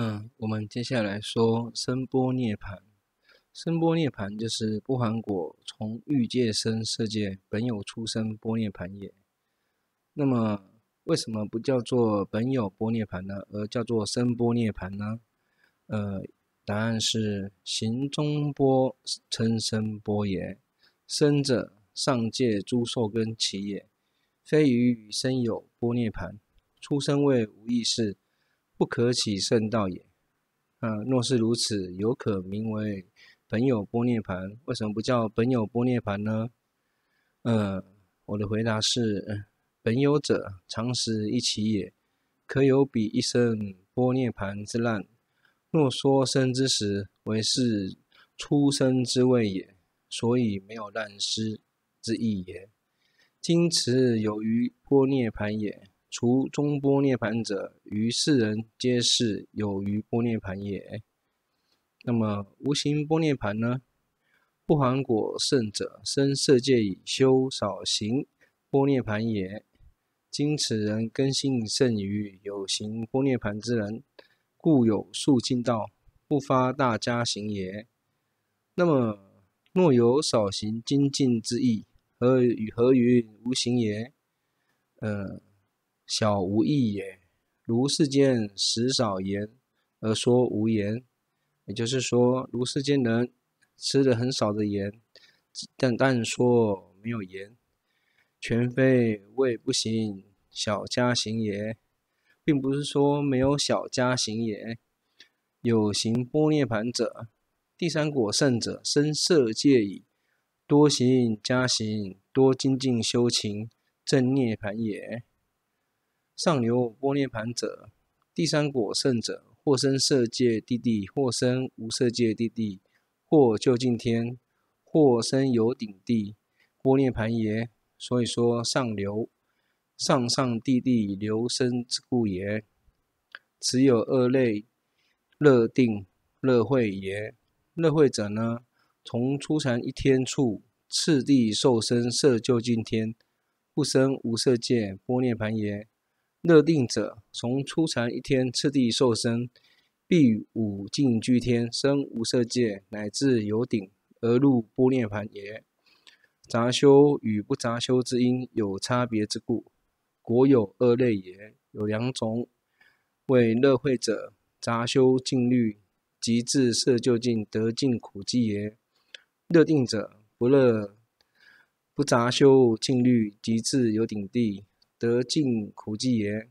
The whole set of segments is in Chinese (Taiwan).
嗯，我們接下來說生般涅槃。生般涅槃就是不還果，從欲界生色界本有出生般涅槃也。那麼為什麼不叫做本有般涅槃呢？而叫做生般涅槃呢？呃，答案是行中般稱生般也。生者上界諸受根起也，非於與生有般涅槃，出生為無意識。不可起聖道也。啊，若是如此，有可名為本有波涅槃。為什麼不叫本有波涅槃呢？呃，我的回答是：本有者，常時一起也；可有比一生波涅槃之濫。若說生之時為是出生之謂也，所以沒有濫失之意也。今此有餘波涅槃也。除中般涅槃者，於世人皆是有餘般涅槃也。那麼無行般涅槃呢？不還果聖者生色界以修少行般涅槃也。今此人根性勝於有行般涅槃之人，故有速進道，不發大加行也。那麼若有少行精進之意，何與何云無行也？呃。小無義也。如世間食少鹽，而說無鹽，也就是說，如世間人吃的很少的鹽，但但說沒有鹽，全非謂不行，小加行也，並不是說沒有小加行也。有行般涅槃者，第三果聖者生色界矣。多行加行，多精進修勤，正涅槃也。上流般涅盤者，第三果聖者，或生色界地地，或生無色界地地，或究竟天，或生有頂地，般涅盤也。所以說上流，上上地地,地流生之故也。此有二類，樂定、樂慧也。樂慧者呢，從初禪一天處次第受生色究竟天，不生無色界般涅盤也。樂定者，從初禪一天次第受生，必五淨居天生無色界，乃至有頂而入般涅槃也。雜修與不雜修之因有差別之故，果有二類也。有兩種：為樂慧者，雜修靜慮，即至色究竟得盡苦際也；樂定者，不樂，不雜修靜慮，即至有頂地。得盡苦際也。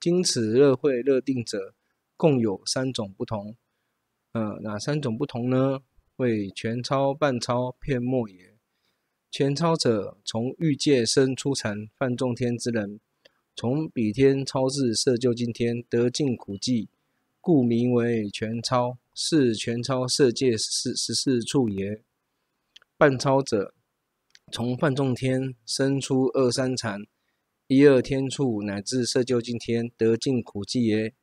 今此樂慧樂定者，共有三種不同。呃，哪三種不同呢？為全超、半超、遍沒。也。全超者，從欲界生出禪梵眾天之人，從彼天超至色究竟天，得盡苦際，故名為全超。是全超色界十十十四處也。半超者，從梵眾天生出二三禪，一二天處乃至色究竟天得盡苦際也，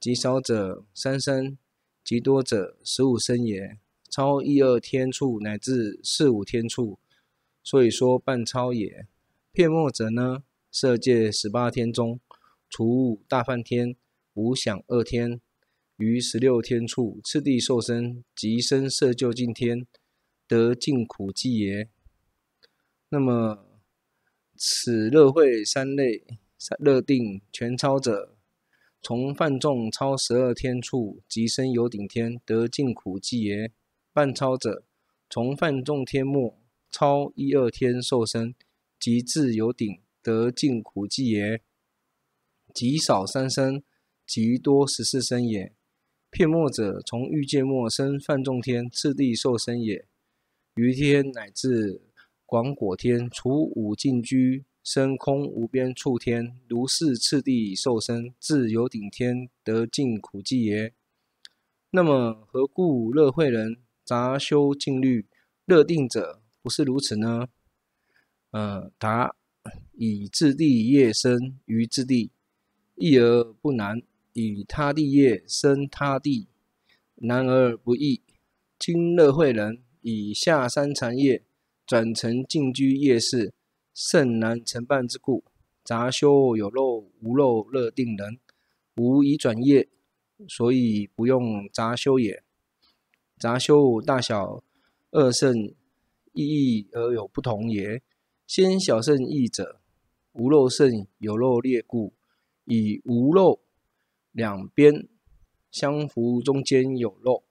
極少者三生，極多者十五生也。超一二天處乃至四五天處，所以說半超也。遍沒者呢，色界十八天中，除大梵天、無想二天，於十六天處次第受生，即生色究竟天得盡苦際也。那麼。此樂會三類：樂定全超者，從梵眾超十二天處即生有頂天，得盡苦際也；半超者，從梵眾天沒超一二天受生，即至有頂得盡苦際也。極少三生，極多十四生也。遍沒者，從欲界沒生梵眾天次第受生也。於天乃至。廣果天除五淨居，生空無邊處天，如是次第受生，至有頂天，得盡苦際耶？那麼何故樂慧人雜修淨律樂定者不是如此呢？呃，答，以自地業生於自地易而不難，以他地業生他地難而不易。今樂慧人以下三禪業。轉成淨居夜市，甚難成辦，之故。雜修有漏無漏、熱定人，無以轉業，所以不用雜修也。雜修大小二乘異，而有不同也。先小乘義者，無漏勝有漏劣故，以無漏兩邊相扶，中間有漏。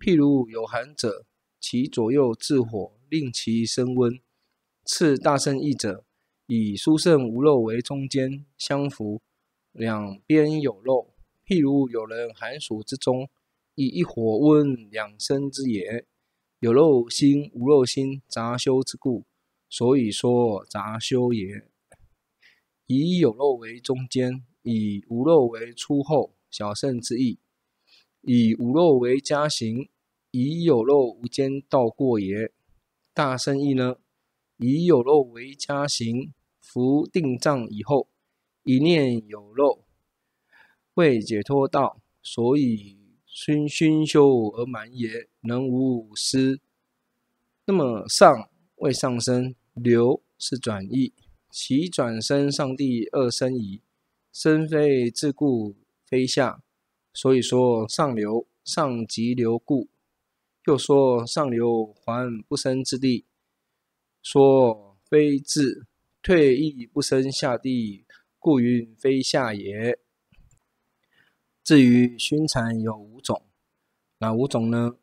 譬如有寒者，其左右炙火，令其升溫。次大聖意者，以殊勝無漏為中間相扶，兩邊有漏。譬如有人寒暑之中，以一火溫兩身之也。有漏心，無漏心，雜修之故。所以說雜修也。以有漏為中間，以無漏為初後，小聖之意。以無漏為加行，以有漏無間道過也。大生意呢，以有漏為家行，福定障以後，一念有漏，未解脫道，所以熏熏修而滿也，能無失。那麼上為上生，流是轉義，其轉身上第二生矣，身非自故，非下，所以說上流上即流故。又說上流還不生之地，說非至退亦不生下地，故云非下也。至於熏禪有五種，哪五種呢？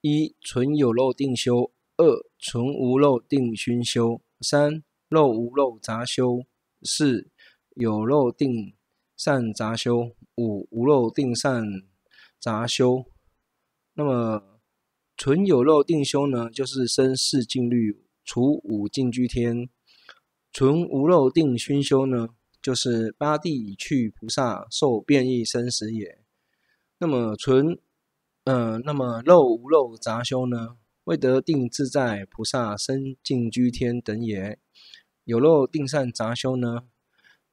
一純有漏定修，二純無漏定熏修，三漏無漏雜修，四有漏定善雜修，五無漏定善雜修。那麼。純有漏定修呢，就是生四靜慮除五淨居天；純無漏定熏修呢，就是八地已去菩薩受變異生死也。那麼純，呃，那麼漏無漏雜修呢，為得定自在菩薩生淨居天等也；有漏定善雜修呢，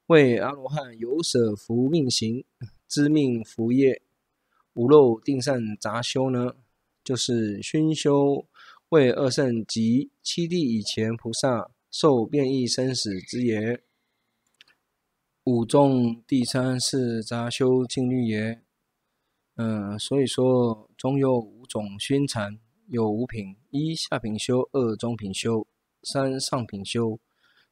為阿羅漢有捨福命行知命福業；無漏定善雜修呢。就是熏修為二聖及七地以前菩薩受變易生死之也，五中第三是雜修靜慮也。嗯，所以說中有五種熏禪，有五品：一、下品修；二、中品修；三、上品修；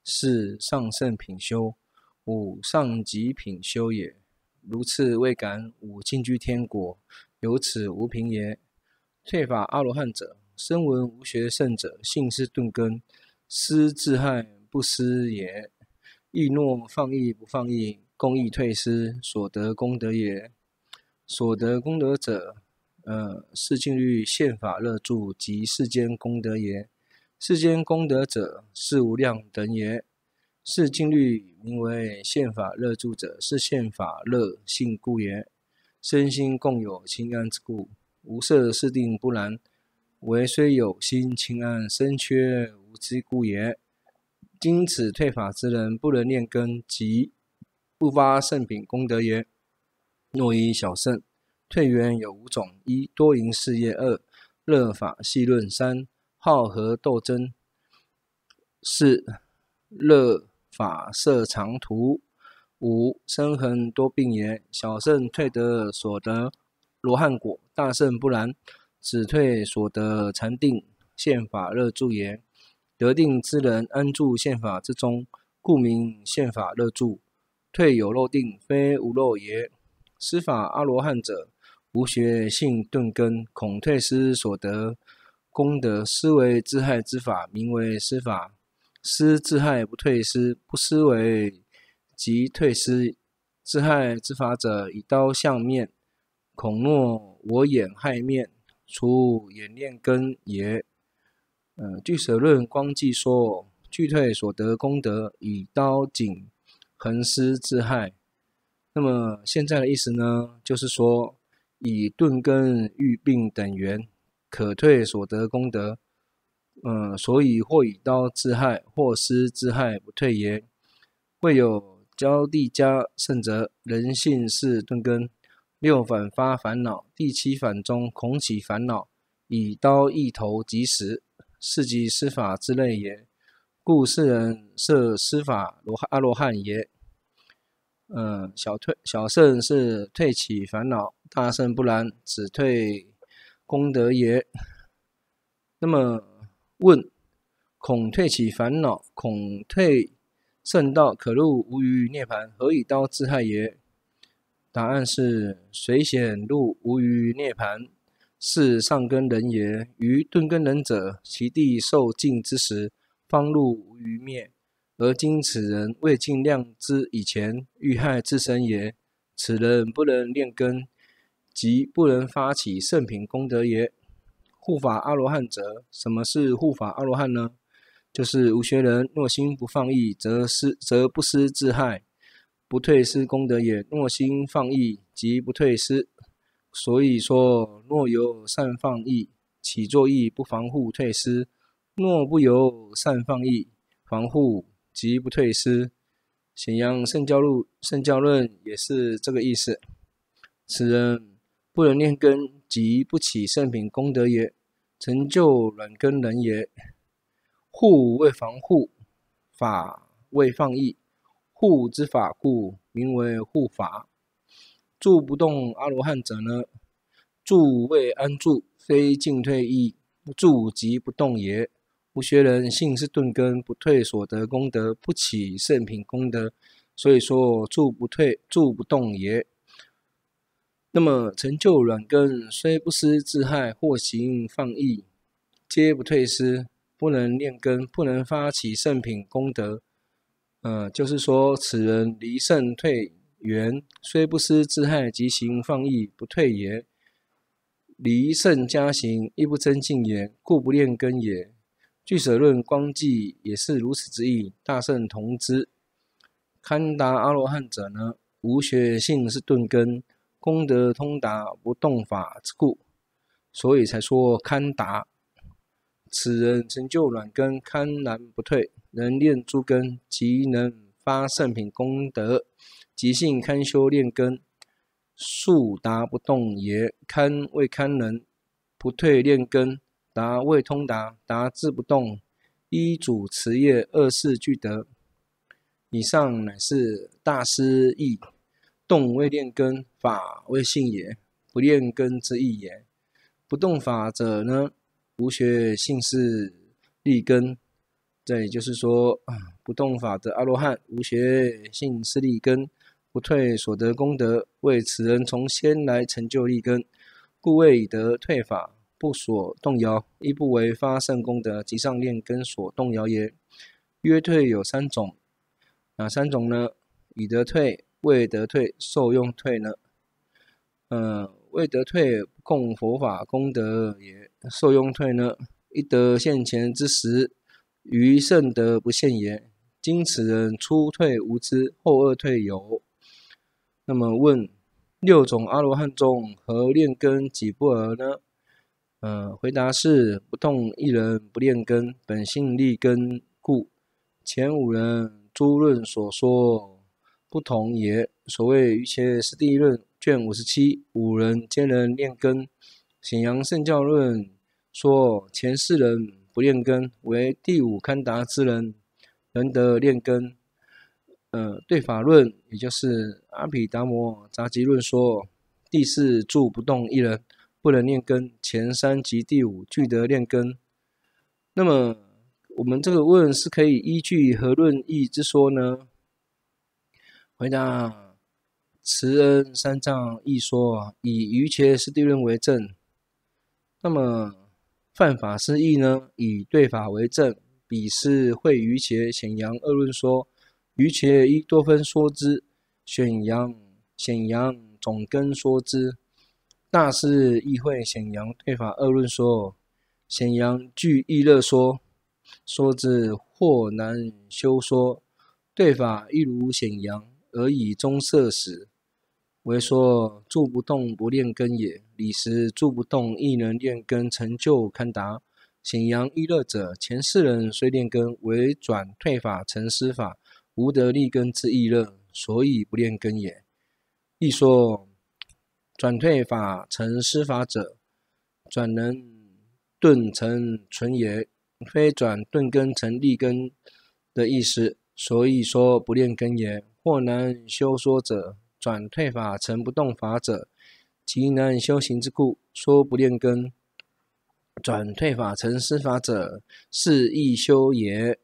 四、上勝品修；五、上極品修也。如此未感五淨居天國，有此五品也。退法阿羅漢者，聲聞無學聖者，性是鈍根，思自害不失也。亦若放逸不放逸，功亦退失所得功德也。所得功德者，呃，是靜慮現法樂住及世間功德也。世間功德者，是無量等也。是靜慮名為現法樂住者，是現法樂，性故也。身心共有輕安之故。無色是定不然，唯雖有心，情暗身缺，無知故也。今此退法之人，不能練根，及不發聖品功德也。若依，小聖退緣有五種：一多營事業二；二樂法細論三；三好和鬥爭；四樂法涉長途；五身恆多病也。小聖退得所得。羅漢果，大聖不然，只退所得禪定，現法樂住也，得定之人安住現法之中，故名現法樂住。退有漏定，非無漏也。思法阿羅漢者，無學性鈍根，恐退失所得功德，思惟自害之法，名為思法。思自害不退思，不思惟即退思。自害之法者，以刀向面，恐若我眼害面，除眼念根也。嗯、呃，《俱舍論》光記說，具退所得功德，以刀頸恆、施、自害。那麼現在的意思呢，就是說，以鈍根遇病等緣，可退所得功德。嗯、呃，所以或以刀自害，或失自害，不退也。未有交地加甚者，人性是鈍根。六反发煩惱，第七反中恐起煩惱，以刀一頭即時，是即思法之類也。故世人設思法羅阿羅漢也。嗯，小退小聖是退起煩惱，大聖不然，只退功德也。那麼問：恐退起煩惱，恐退聖道可入無餘涅槃，何以刀自害也？答案是：水顯入無餘涅盤，是上根人也。於鈍根人者，其地受盡之時，方入無餘滅。而今此人未盡量之以前，遇害自身也。此人不能煉根，即不能發起聖品功德也。護法阿羅漢者，什麼是護法阿羅漢呢？就是無學人，若心不放逸，則失，則不失自害。不退失功德也。若心放逸，即不退失。所以說，若有善放逸起作意，不防護退失；若不由善放逸防護，即不退失。顯揚聖教論，聖教論也是這個意思。此人不能練根，即不起聖品功德也，成就軟根人也。護為防護，法為放逸。護之法故名為護法。住不動阿羅漢者呢？住謂安住，非進退意。不住即不動也。無學人性是鈍根，不退所得功德，不起聖品功德，所以說住不退，住不動也。那麼成就軟根，雖不思自害、或行放逸，皆不退失，不能煉根，不能發起聖品功德。呃，就是說，此人離聖退緣，雖不失自害，即行放逸，不退也；離聖家行，亦不增進也，故不煉根也。俱舍論光記也是如此之意。大聖同之。堪達阿羅漢者呢，無學性是鈍根，功德通達，不動法之故，所以才說堪達。此人成就軟根，堪然不退。能練諸根，即能發聖品功德；即性堪修煉根，速達不動也。堪謂堪能，不退練根；達謂通達，達志不動。依主持業，二世俱得。以上乃是大師意。動謂練根，法謂性也；不練根之意也。不動法者呢，無學性是利根。這也就是說，不動法的阿羅漢無學性是利根，不退所得功德，為此人從先來成就利根，故為以得退法不所動搖，亦不為發善功德及上練根所動搖也。約退有三種，哪三種呢？以得退、未得退、受用退呢。嗯、呃，未得退共佛法功德也，受用退呢，一得現前之時。於聖德不現也。今此人初退無知，後惡退有。那麼問六種阿羅漢中何煉根幾不而呢？呃，回答是不動一人不煉根，本性利根故。前五人諸論所說不同也。所謂《瑜伽師地論》卷五十七五人皆人煉根，《顯揚聖教論》說前四人。不煉根，為第五堪達之人，能得煉根。呃，對法論，也就是阿毗達摩雜集論說，第四住不動一人不能煉根。前三及第五俱得煉根。那麼我們這個問是可以依據何論義之說呢？回答慈恩三藏一說，以瑜伽師地論為證。那麼。犯法失意呢？以對法為證，彼是會於邪顯揚二論說，於邪亦多分說之，顯揚顯揚總根說之，大是亦會顯揚對法二論說，顯揚俱易樂說，說之或難修說，對法亦如顯揚，而以中色使。為說住不動不練根也，理實住不動亦能練根成就堪達。顯揚意樂者，前世人雖練根，為轉退法成思法，無得利根之意樂，所以不練根也。亦說轉退法成思法者，轉能頓成純也，非轉鈍根成利根的意思。所以說不練根也。或難修說者。轉退法成不動法者，極難修行之故；說不練根，轉退法成思法者，是易修也。